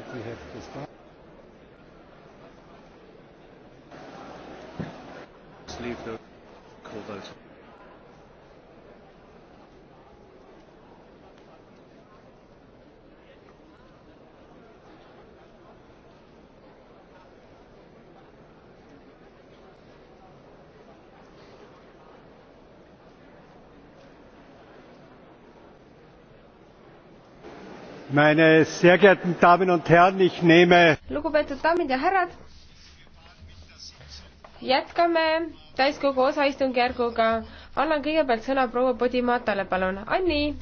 think we have to start. Leave the call vote. meine sehr geehrten Damen und Herren, ich nehme lugupeetud daamid ja härrad, jätkame täiskogu osaistungjärguga. annan kõigepealt sõna proua Podimatale, palun. Anni.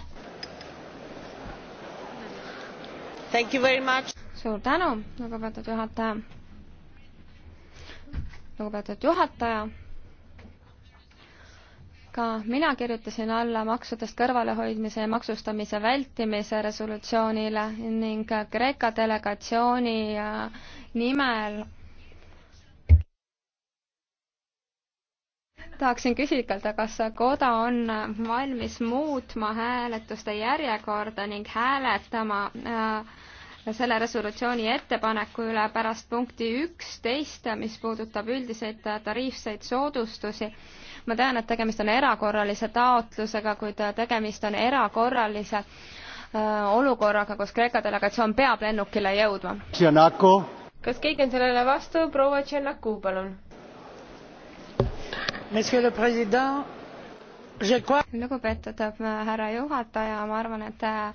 suur tänu, lugupeetud juhataja. lugupeetud juhataja ka mina kirjutasin alla maksudest kõrvalehoidmise ja maksustamise vältimise resolutsioonile ning Kreeka delegatsiooni äh, nimel tahaksin küsida, kas koda on valmis muutma hääletuste järjekorda ning hääletama äh, selle resolutsiooni ettepaneku üle pärast punkti üksteist, mis puudutab üldiseid tariifseid soodustusi ma tean, et tegemist on erakorralise taotlusega, kuid tegemist on erakorralise äh, olukorraga, kus Kreeka delegatsioon peab lennukile jõudma. kas keegi on sellele vastu, proua Tšernaku, palun? lugupeetud äh, härra juhataja, ma arvan, et äh,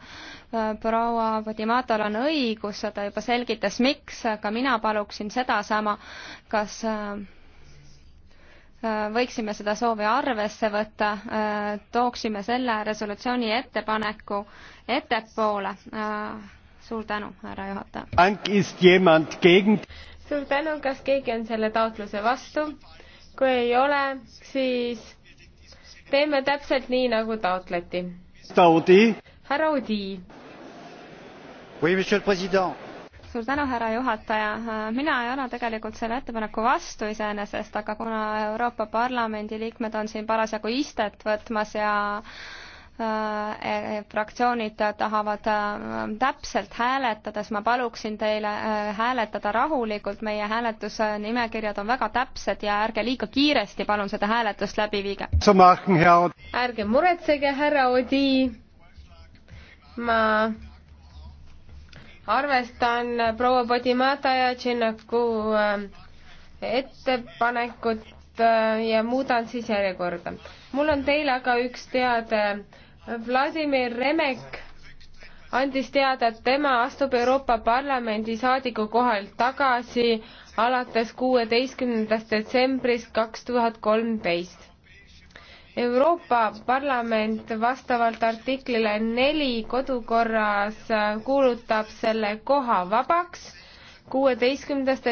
proua Vadimatol on õigus, ta juba selgitas, miks, ka mina paluksin sedasama, kas äh, Äh, võiksime seda soovi arvesse võtta, äh, tooksime selle resolutsiooni ettepaneku ettepoole. Äh, suur tänu, härra juhataja. suur tänu, kas keegi on selle taotluse vastu? kui ei ole, siis teeme täpselt nii, nagu taotleti. härra Odi. Oui, monsieur le président suur tänu, härra juhataja. mina ei ole tegelikult selle ettepaneku vastu iseenesest, aga kuna Euroopa Parlamendi liikmed on siin parasjagu istet võtmas ja äh, e, e, fraktsioonid tahavad äh, täpselt hääletada, siis ma paluksin teile äh, hääletada rahulikult, meie hääletusnimekirjad on väga täpsed ja ärge liiga kiiresti palun seda hääletust läbi viige. ärge muretsege, härra Odi. ma arvestan proua Podimata ja Tšinnaku äh, ettepanekut äh, ja muudan siis järjekorda. mul on teile aga üks teade. Vladimir Remek andis teada, et tema astub Euroopa Parlamendi saadiku kohalt tagasi alates kuueteistkümnendast detsembrist kaks tuhat kolmteist Euroopa Parlament vastavalt artiklile neli kodukorras kuulutab selle koha vabaks kuueteistkümnendast